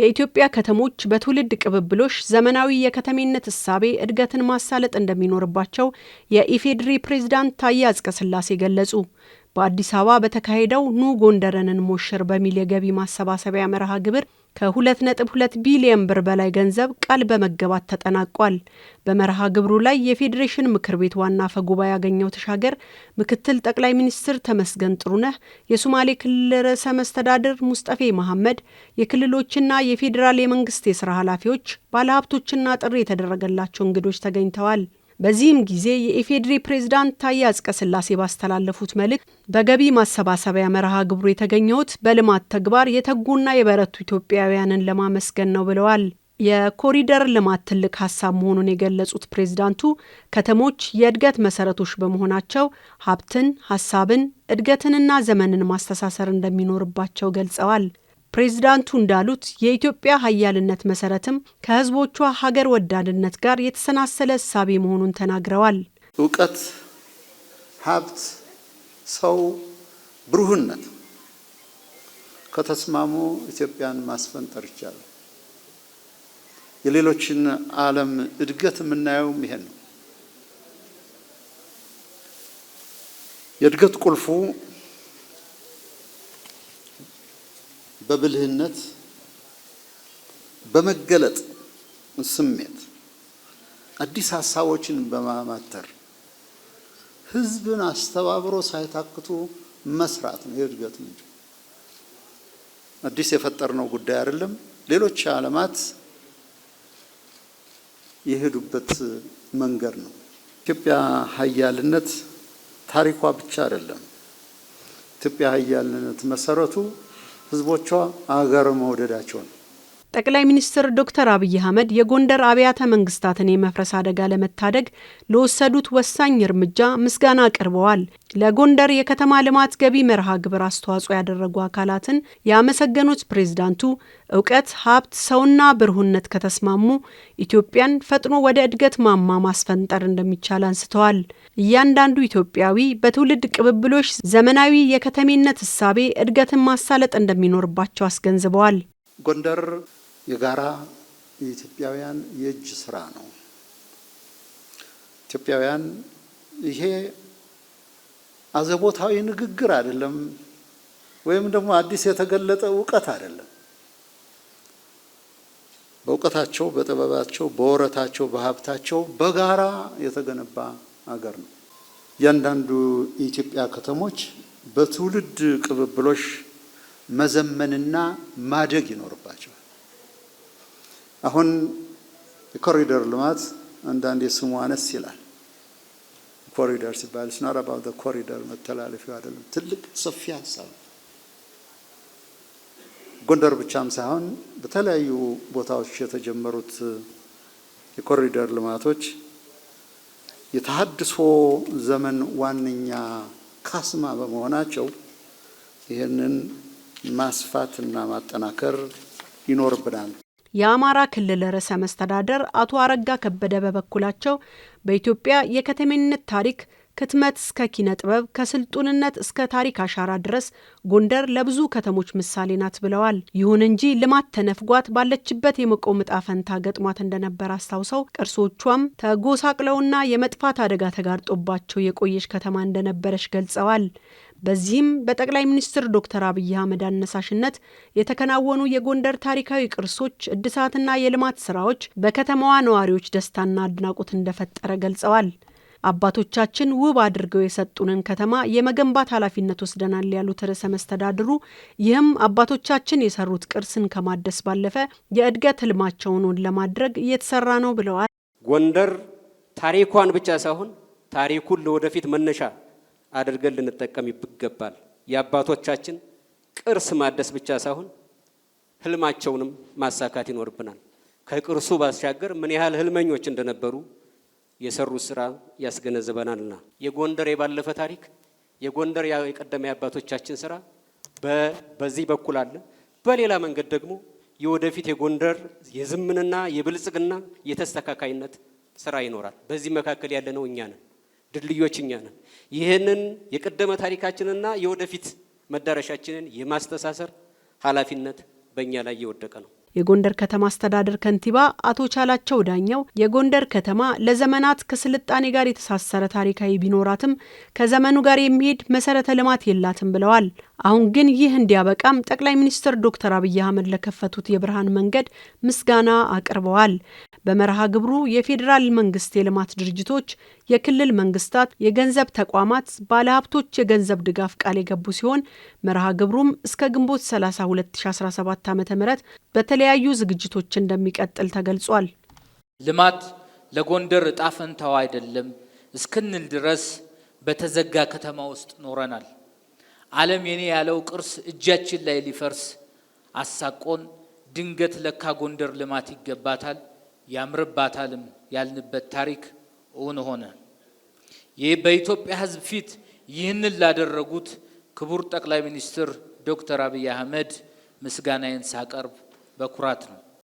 የኢትዮጵያ ከተሞች በትውልድ ቅብብሎሽ ዘመናዊ የከተሜነት እሳቤ እድገትን ማሳለጥ እንደሚኖርባቸው የኢፌዴሪ ፕሬዝዳንት ታዬ አጽቀሥላሴ ገለጹ። በአዲስ አበባ በተካሄደው ኑ ጎንደርን እንሞሽር በሚል የገቢ ማሰባሰቢያ መርሃ ግብር ከ2.2 ቢሊዮን ብር በላይ ገንዘብ ቃል በመገባት ተጠናቋል። በመርሃ ግብሩ ላይ የፌዴሬሽን ምክር ቤት ዋና አፈ ጉባኤ ያገኘው ተሻገር፣ ምክትል ጠቅላይ ሚኒስትር ተመስገን ጥሩነህ፣ የሶማሌ ክልል ርዕሰ መስተዳድር ሙስጠፌ መሐመድ፣ የክልሎችና የፌዴራል የመንግስት የስራ ኃላፊዎች፣ ባለሀብቶችና ጥሪ የተደረገላቸው እንግዶች ተገኝተዋል። በዚህም ጊዜ የኢፌዴሪ ፕሬዝዳንት ታዬ አጽቀሥላሴ ባስተላለፉት መልእክት በገቢ ማሰባሰቢያ መርሃ ግብሩ የተገኘሁት በልማት ተግባር የተጉና የበረቱ ኢትዮጵያውያንን ለማመስገን ነው ብለዋል። የኮሪደር ልማት ትልቅ ሀሳብ መሆኑን የገለጹት ፕሬዝዳንቱ ከተሞች የእድገት መሰረቶች በመሆናቸው ሀብትን፣ ሀሳብን፣ እድገትንና ዘመንን ማስተሳሰር እንደሚኖርባቸው ገልጸዋል። ፕሬዚዳንቱ እንዳሉት የኢትዮጵያ ሀያልነት መሰረትም ከህዝቦቿ ሀገር ወዳድነት ጋር የተሰናሰለ እሳቤ መሆኑን ተናግረዋል። እውቀት፣ ሀብት፣ ሰው፣ ብሩህነት ከተስማሙ ኢትዮጵያን ማስፈንጠር ይቻላል። የሌሎችን ዓለም እድገት የምናየውም ይሄን ነው። የእድገት ቁልፉ በብልህነት በመገለጥ ስሜት አዲስ ሀሳቦችን በማማተር ህዝብን አስተባብሮ ሳይታክቱ መስራት ነው የእድገት እንጂ አዲስ የፈጠርነው ጉዳይ አይደለም። ሌሎች ዓለማት የሄዱበት መንገድ ነው። ኢትዮጵያ ሀያልነት ታሪኳ ብቻ አይደለም። ኢትዮጵያ ሀያልነት መሰረቱ ህዝቦቿ አገር መውደዳቸው ነው። ጠቅላይ ሚኒስትር ዶክተር አብይ አህመድ የጎንደር አብያተ መንግስታትን የመፍረስ አደጋ ለመታደግ ለወሰዱት ወሳኝ እርምጃ ምስጋና አቅርበዋል። ለጎንደር የከተማ ልማት ገቢ መርሃ ግብር አስተዋጽኦ ያደረጉ አካላትን ያመሰገኑት ፕሬዝዳንቱ እውቀት፣ ሀብት፣ ሰውና ብርሁነት ከተስማሙ ኢትዮጵያን ፈጥኖ ወደ እድገት ማማ ማስፈንጠር እንደሚቻል አንስተዋል። እያንዳንዱ ኢትዮጵያዊ በትውልድ ቅብብሎች ዘመናዊ የከተሜነት እሳቤ እድገትን ማሳለጥ እንደሚኖርባቸው አስገንዝበዋል። ጎንደር የጋራ የኢትዮጵያውያን የእጅ ስራ ነው። ኢትዮጵያውያን ይሄ አዘቦታዊ ንግግር አይደለም፣ ወይም ደግሞ አዲስ የተገለጠ እውቀት አይደለም። በእውቀታቸው፣ በጥበባቸው፣ በወረታቸው፣ በሀብታቸው በጋራ የተገነባ አገር ነው። እያንዳንዱ የኢትዮጵያ ከተሞች በትውልድ ቅብብሎሽ መዘመንና ማደግ ይኖርባቸው አሁን የኮሪደር ልማት አንዳንድ የስሙ አነስ ይላል። ኮሪደር ሲባል ስናር አባውት ኮሪደር መተላለፊያው አይደለም፣ ትልቅ ሰፊ ሀሳብ ጎንደር ብቻም ሳይሆን በተለያዩ ቦታዎች የተጀመሩት የኮሪደር ልማቶች የተሃድሶ ዘመን ዋነኛ ካስማ በመሆናቸው ይህንን ማስፋትና ማጠናከር ይኖርብናል። የአማራ ክልል ርዕሰ መስተዳደር አቶ አረጋ ከበደ በበኩላቸው በኢትዮጵያ የከተሜነት ታሪክ ከህትመት እስከ ኪነ ጥበብ ከስልጡንነት እስከ ታሪክ አሻራ ድረስ ጎንደር ለብዙ ከተሞች ምሳሌ ናት ብለዋል። ይሁን እንጂ ልማት ተነፍጓት ባለችበት የመቆም ዕጣ ፈንታ ገጥሟት እንደነበር አስታውሰው ቅርሶቿም ተጎሳቅለውና የመጥፋት አደጋ ተጋርጦባቸው የቆየች ከተማ እንደነበረች ገልጸዋል። በዚህም በጠቅላይ ሚኒስትር ዶክተር አብይ አህመድ አነሳሽነት የተከናወኑ የጎንደር ታሪካዊ ቅርሶች እድሳትና የልማት ስራዎች በከተማዋ ነዋሪዎች ደስታና አድናቆት እንደፈጠረ ገልጸዋል። አባቶቻችን ውብ አድርገው የሰጡንን ከተማ የመገንባት ኃላፊነት ወስደናል ያሉት ርዕሰ መስተዳድሩ ይህም አባቶቻችን የሰሩት ቅርስን ከማደስ ባለፈ የእድገት ህልማቸውን ለማድረግ እየተሰራ ነው ብለዋል። ጎንደር ታሪኳን ብቻ ሳይሆን ታሪኩን ለወደፊት መነሻ አድርገን ልንጠቀም ይገባል። የአባቶቻችን ቅርስ ማደስ ብቻ ሳይሆን ህልማቸውንም ማሳካት ይኖርብናል። ከቅርሱ ባሻገር ምን ያህል ህልመኞች እንደነበሩ የሰሩት ስራ ያስገነዝበናልና የጎንደር የባለፈ ታሪክ የጎንደር የቀደመ አባቶቻችን ስራ በዚህ በኩል አለ። በሌላ መንገድ ደግሞ የወደፊት የጎንደር የዝምንና የብልጽግና የተስተካካይነት ስራ ይኖራል። በዚህ መካከል ያለነው እኛ ነን፣ ድልድዮች እኛ ነን። ይህንን የቀደመ ታሪካችንና የወደፊት መዳረሻችንን የማስተሳሰር ኃላፊነት በእኛ ላይ እየወደቀ ነው። የጎንደር ከተማ አስተዳደር ከንቲባ አቶ ቻላቸው ዳኘው የጎንደር ከተማ ለዘመናት ከስልጣኔ ጋር የተሳሰረ ታሪካዊ ቢኖራትም ከዘመኑ ጋር የሚሄድ መሰረተ ልማት የላትም ብለዋል። አሁን ግን ይህ እንዲያበቃም ጠቅላይ ሚኒስትር ዶክተር አብይ አህመድ ለከፈቱት የብርሃን መንገድ ምስጋና አቅርበዋል። በመርሃ ግብሩ የፌዴራል መንግስት የልማት ድርጅቶች፣ የክልል መንግስታት፣ የገንዘብ ተቋማት፣ ባለሀብቶች የገንዘብ ድጋፍ ቃል የገቡ ሲሆን መርሃ ግብሩም እስከ ግንቦት 32017 ዓ ም በተለ የተለያዩ ዝግጅቶች እንደሚቀጥል ተገልጿል። ልማት ለጎንደር እጣ ፈንታው አይደለም እስክንል ድረስ በተዘጋ ከተማ ውስጥ ኖረናል። ዓለም የኔ ያለው ቅርስ እጃችን ላይ ሊፈርስ አሳቆን ድንገት ለካ ጎንደር ልማት ይገባታል ያምርባታልም ያልንበት ታሪክ እውን ሆነ። ይህ በኢትዮጵያ ሕዝብ ፊት ይህንን ላደረጉት ክቡር ጠቅላይ ሚኒስትር ዶክተር አብይ አህመድ ምስጋናዬን ሳቀርብ በኩራት ነው።